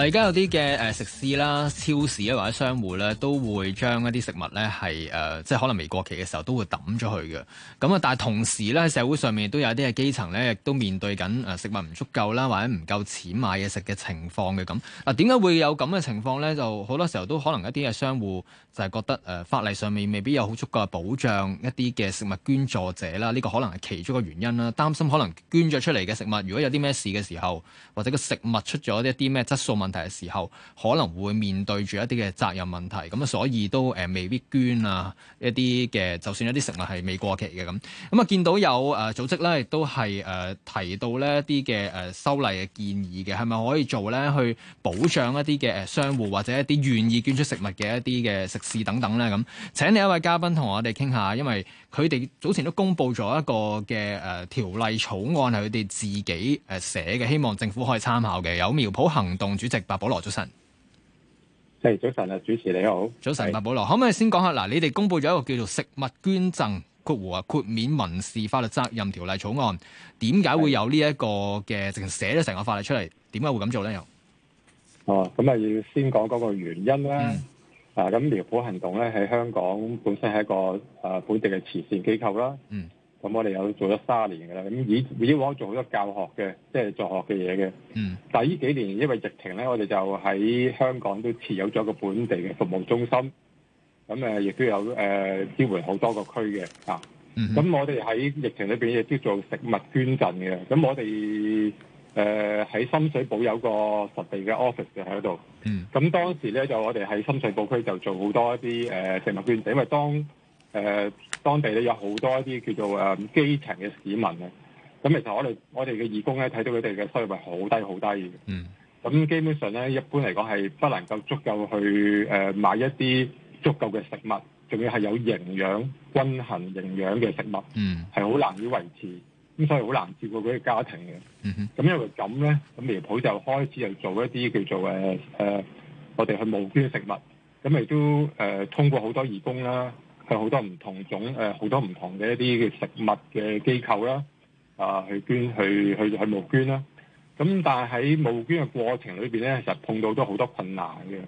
而家有啲嘅誒食肆啦、超市啊或者商戶咧，都會將一啲食物咧係誒即係可能未過期嘅時候都會抌咗去嘅。咁啊，但係同時咧社會上面都有一啲嘅基層咧，亦都面對緊誒食物唔足夠啦，或者唔夠錢買嘢食嘅情況嘅咁。嗱，點解會有咁嘅情況咧？就好多時候都可能一啲嘅商戶就係覺得誒法例上面未必有好足夠嘅保障一啲嘅食物捐助者啦，呢個可能係其中一個原因啦。擔心可能捐咗出嚟嘅食物，如果有啲咩事嘅時候，或者個食物出咗一啲咩質素問題。問題嘅時候，可能會面對住一啲嘅責任問題，咁啊，所以都誒未必捐啊，一啲嘅就算一啲食物係未過期嘅咁，咁啊見到有誒組織咧，亦都係誒提到呢一啲嘅誒修例嘅建議嘅，係咪可以做呢去保障一啲嘅商戶或者一啲願意捐出食物嘅一啲嘅食肆等等呢？咁？請你一位嘉賓同我哋傾下，因為。佢哋早前都公布咗一個嘅誒條例草案，係佢哋自己誒寫嘅，希望政府可以參考嘅。有苗圃行動主席白保羅，早晨。係，早晨啊，主持你好，早晨白保羅，可唔可以先講下嗱？你哋公布咗一個叫做《食物捐贈括弧啊豁免民事法律責任條例草案》，點解會有呢一個嘅？仲寫咗成個法律出嚟？點解會咁做咧？又哦，咁啊，要先講嗰個原因啦。嗯啊，咁苗圃行動咧喺香港本身係一個誒、呃、本地嘅慈善機構啦。嗯，咁我哋有做咗三十年嘅啦。咁以以往做好多教學嘅，即係助學嘅嘢嘅。嗯、mm.，但係呢幾年因為疫情咧，我哋就喺香港都設有咗個本地嘅服務中心。咁誒亦都有誒、呃、支援好多個區嘅啊。咁、mm-hmm. 我哋喺疫情裏邊亦都做食物捐贈嘅。咁我哋。誒、呃、喺深水埗有個實地嘅 office 嘅喺嗰度，咁、嗯、當時咧就我哋喺深水埗區就做好多一啲誒、呃、食物券。因為當誒、呃、當地咧有好多一啲叫做誒、呃、基層嘅市民啊，咁其實我哋我哋嘅義工咧睇到佢哋嘅收入係好低好低嘅，咁、嗯、基本上咧一般嚟講係不能夠足夠去誒、呃、買一啲足夠嘅食物，仲要係有營養均衡營養嘅食物，係、嗯、好難以維持。咁所以好難照顧佢嘅家庭嘅。咁因為咁咧，咁苗圃就開始就做一啲叫做誒誒、呃，我哋去募捐嘅食物。咁亦都誒、呃、通過好多義工啦，有好多唔同種誒好、呃、多唔同嘅一啲嘅食物嘅機構啦，啊去捐去去去募捐啦。咁但係喺募捐嘅過程裏邊咧，其實碰到都好多困難嘅。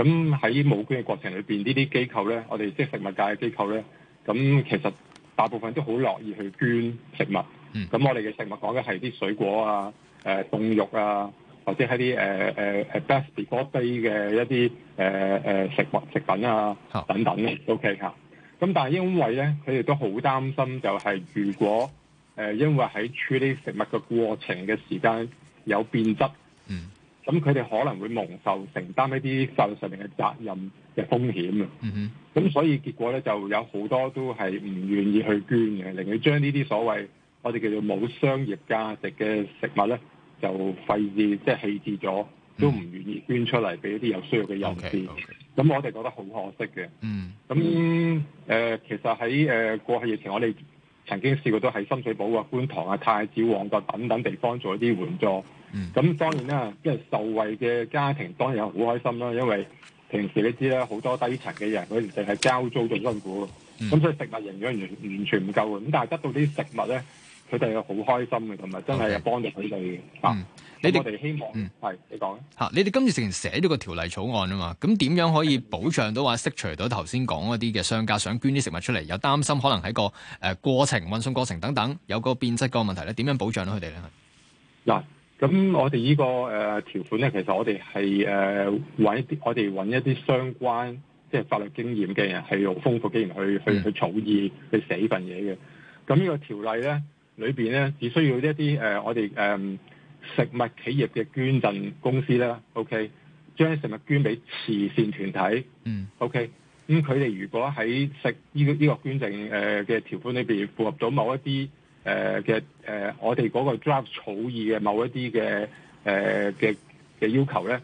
咁喺募捐嘅過程裏邊，這些機呢啲機構咧，我哋即係食物界嘅機構咧，咁其實大部分都好樂意去捐食物。咁、嗯、我哋嘅食物講嘅係啲水果啊、誒、呃、凍肉啊，或者係啲誒 best before day 嘅一啲誒、呃、食物食品啊等等嘅，OK 嚇。咁但係因為咧，佢哋都好擔心，就係如果誒、呃、因為喺處理食物嘅過程嘅時間有變質，咁佢哋可能會蒙受承擔一啲法律上嘅責任嘅風險。咁、嗯、所以結果咧就有好多都係唔願意去捐嘅，寧願將呢啲所謂，我哋叫做冇商業價值嘅食物咧，就費事即係棄置咗、嗯，都唔願意捐出嚟俾一啲有需要嘅人士。咁、okay, okay。我哋覺得好可惜嘅。嗯。咁誒、呃，其實喺誒、呃、過去疫情，我哋曾經試過都喺深水埗啊、觀塘啊、太子旺角等等地方做一啲援助。嗯。咁當然啦，即係受惠嘅家庭當然好開心啦，因為平時你知啦，好多低層嘅人佢哋淨係交租最辛苦，咁、嗯、所以食物營養完完全唔夠嘅。咁但係得到啲食物咧。佢哋好開心嘅同埋真係幫到佢哋。你哋、嗯、希望係你講吓。你哋、啊、今次成日寫咗個條例草案啊嘛，咁點樣可以保障到話釋除到頭先講嗰啲嘅商家想捐啲食物出嚟，又擔心可能喺個誒過程運送過程等等有嗰個變質嗰個問題咧，點樣保障到佢哋咧？嗱、這個，咁我哋呢個誒條款咧，其實我哋係誒揾一啲我哋揾一啲相關即係法律經驗嘅人，係用豐富經驗去、嗯、去去，去草擬去寫份嘢嘅。咁呢個條例咧。裏邊咧，只需要一啲誒、呃，我哋誒、嗯、食物企業嘅捐贈公司啦，OK，將食物捐俾慈善團體，嗯，OK，咁佢哋如果喺食呢、呢個呢、呢個捐贈誒嘅條款裏邊符合到某一啲誒嘅誒，我哋嗰個 draft 草擬嘅某一啲嘅誒嘅嘅要求咧，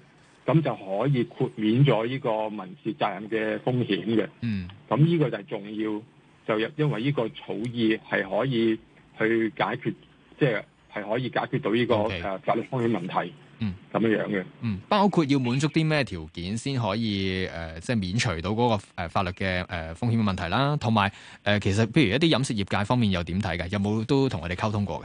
咁就可以豁免咗呢個民事責任嘅風險嘅，嗯，咁呢個就係重要，就因因為呢個草擬係可以。去解決，即係係可以解決到呢個誒法律風險問題，咁、okay. 樣樣嘅。嗯，包括要滿足啲咩條件先可以誒、呃，即係免除到嗰個法律嘅誒、呃、風險嘅問題啦。同埋誒，其實譬如一啲飲食業界方面又點睇嘅？有冇都同我哋溝通過嘅？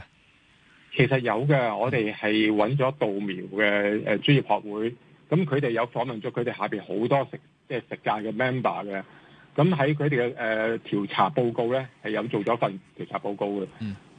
其實有嘅，我哋係揾咗稻苗嘅誒、呃、專業學會，咁佢哋有訪問咗佢哋下邊好多食即係食界嘅 member 嘅。咁喺佢哋嘅誒調查報告咧，係有做咗份調查報告嘅，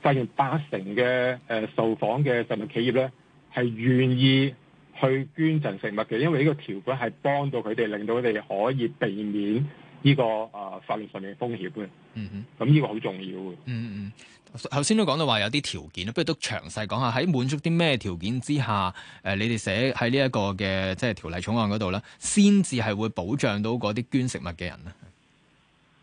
發現八成嘅誒、呃、受訪嘅食物企業咧，係願意去捐贈食物嘅，因為呢個條款係幫到佢哋，令到佢哋可以避免呢、這個誒、呃、法律上面嘅風險嘅。嗯嗯，咁呢個好重要嘅。嗯嗯嗯，頭先都講到話有啲條件，不如都詳細講下喺滿足啲咩條件之下，誒、呃、你哋寫喺呢一個嘅即係條例草案嗰度咧，先至係會保障到嗰啲捐食物嘅人咧。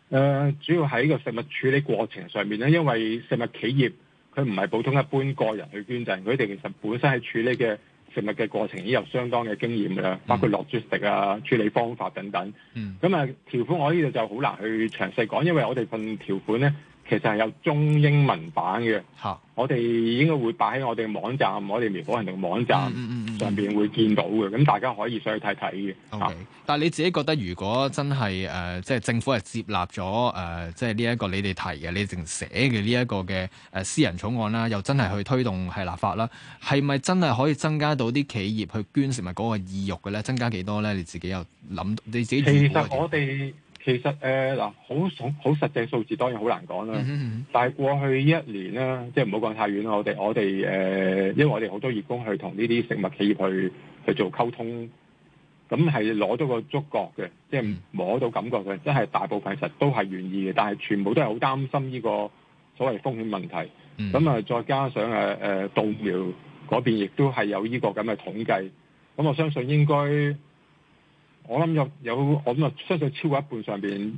誒、呃、主要喺個食物處理過程上面咧，因為食物企業佢唔係普通一般個人去捐贈，佢哋其實本身係處理嘅食物嘅過程已經有相當嘅經驗啦，包括落豬食啊、處理方法等等。咁啊，條款我呢度就好難去詳細講，因為我哋份條款咧。其實係有中英文版嘅，我哋應該會擺喺我哋網站，我哋苗圃行動網站上面會見到嘅，咁大家可以上去睇睇嘅。Okay, 但你自己覺得，如果真係誒，即、呃、係、就是、政府係接納咗誒，即係呢一個你哋提嘅，你哋寫嘅呢一個嘅私人草案啦，又真係去推動係立法啦，係咪真係可以增加到啲企業去捐食物嗰個意欲嘅咧？增加幾多咧？你自己又諗？你自己？其實我哋。其實誒嗱，好、呃、好實際數字當然好難講啦。但係過去一年啦，即係唔好講太遠啦。我哋我哋誒、呃，因為我哋好多義工去同呢啲食物企業去去做溝通，咁係攞到個觸覺嘅，即、就、係、是、摸到感覺嘅。即係大部分其實都係願意嘅，但係全部都係好擔心呢個所謂風險問題。咁啊，再加上誒誒、呃、稻苗嗰邊亦都係有呢個咁嘅統計。咁我相信應該。我諗有有，我諗啊，相信超過一半上邊，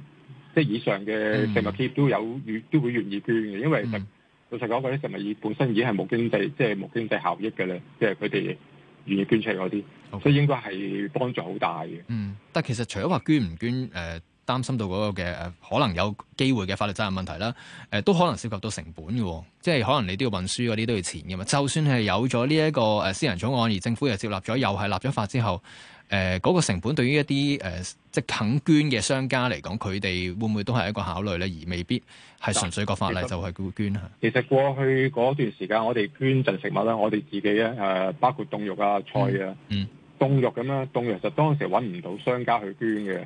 即係以上嘅食物企業都有、嗯、都會願意捐嘅。因為實、嗯、老實講，啲食物業本身已經係冇經濟，即係冇經濟效益嘅咧，即係佢哋願意捐出嗰啲，所以應該係幫助好大嘅。嗯，但係其實除咗話捐唔捐，誒、呃。擔心到嗰個嘅可能有機會嘅法律責任問題啦，誒都可能涉及到成本嘅，即係可能你都要運輸嗰啲都要錢嘅嘛。就算係有咗呢一個誒私人草案，而政府又接納咗，又係立咗法之後，誒、呃、嗰個成本對於一啲誒、呃、即肯捐嘅商家嚟講，佢哋會唔會都係一個考慮咧？而未必係純粹個法例就係叫捐。其實過去嗰段時間，我哋捐贈食物咧，我哋自己咧，包括凍肉啊、菜啊。嗯。嗯。凍肉咁樣，凍肉就當時揾唔到商家去捐嘅。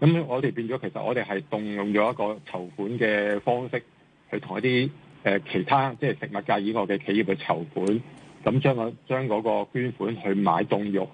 咁、mm. 我哋變咗，其實我哋係動用咗一個籌款嘅方式，去同一啲誒、呃、其他即係食物界以外嘅企業去籌款，咁將我將嗰個捐款去買凍肉，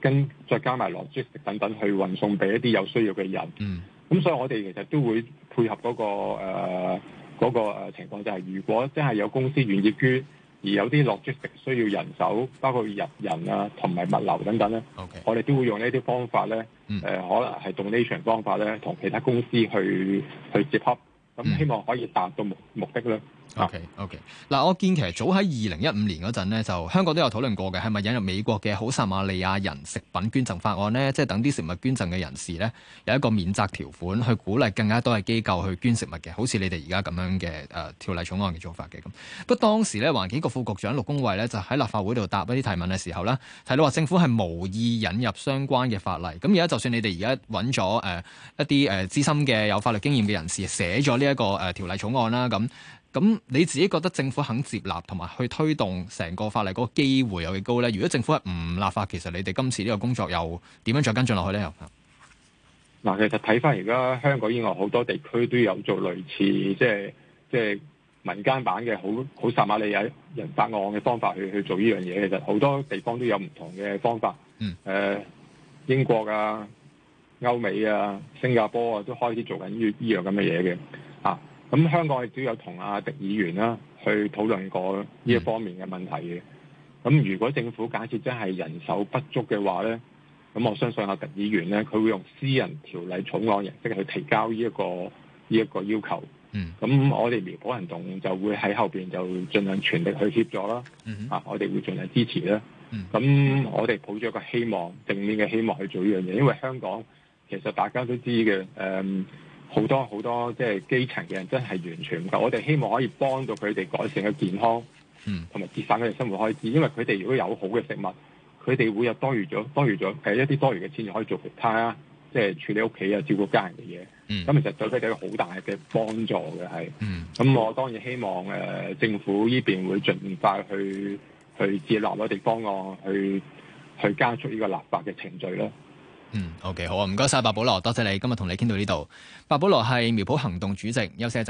跟再加埋羅豬食等等去運送俾一啲有需要嘅人。咁、mm. 所以我哋其實都會配合嗰、那個誒嗰、呃那個、情況、就是，就係如果真係有公司願意捐。而有啲落足食需要人手，包括入人，人啊同埋物流等等咧，okay. 我哋都會用呢啲方法咧、mm. 呃，可能係 donation 方法咧，同其他公司去去接洽，咁希望可以達到目、mm. 目的咧。O.K.O.K. Okay, okay. 嗱，我見其實早喺二零一五年嗰陣呢，就香港都有討論過嘅，係咪引入美國嘅好撒瑪利亞人食品捐贈法案呢？即係等啲食物捐贈嘅人士呢，有一個免責條款，去鼓勵更加多嘅機構去捐食物嘅，好似你哋而家咁樣嘅誒、呃、條例草案嘅做法嘅咁。不過當時呢，環境局副局長陸恭蕙呢，就喺立法會度答一啲提問嘅時候呢，提到話政府係無意引入相關嘅法例。咁而家就算你哋而家揾咗一啲誒、呃、資深嘅有法律經驗嘅人士寫咗呢一個、呃、條例草案啦，咁、啊。咁你自己覺得政府肯接納同埋去推動成個法例嗰個機會有幾高呢？如果政府唔立法，其實你哋今次呢個工作又點樣再跟進落去呢？嗱，其實睇翻而家香港以外好多地區都有做類似即係即係民間版嘅好好撒瑪利亞人法案嘅方法去去做呢樣嘢。其實好多地方都有唔同嘅方法。嗯。呃、英國啊、歐美啊、新加坡啊，都開始做緊呢呢樣咁嘅嘢嘅。咁香港亦都有同阿狄議員啦，去討論過呢一方面嘅問題嘅。咁如果政府假設真係人手不足嘅話咧，咁我相信阿狄議員咧，佢會用私人條例草案形式去提交呢一個呢一個要求。嗯。咁我哋苗圃行動就會喺後邊就盡量全力去協助啦。嗯。啊，我哋會盡量支持啦。咁我哋抱著一個希望，正面嘅希望去做呢樣嘢，因為香港其實大家都知嘅，誒。嗯。好多好多即係基層嘅人真係完全唔夠，我哋希望可以幫到佢哋改善嘅健康，嗯，同埋節省佢哋生活開支。因為佢哋如果有好嘅食物，佢哋會有多餘咗多餘咗係一啲多餘嘅錢，可以做其他啊，即係處理屋企啊、照顧家人嘅嘢。咁、嗯、其實對佢哋有好大嘅幫助嘅係。咁、嗯、我當然希望誒、啊、政府依邊會盡快去去接納我哋幫我，去去，去加速呢個立法嘅程序啦。嗯，OK，好啊，唔該晒，白保羅，多謝你今日同你傾到呢度。白保羅係苗圃行動主席，休息一陣。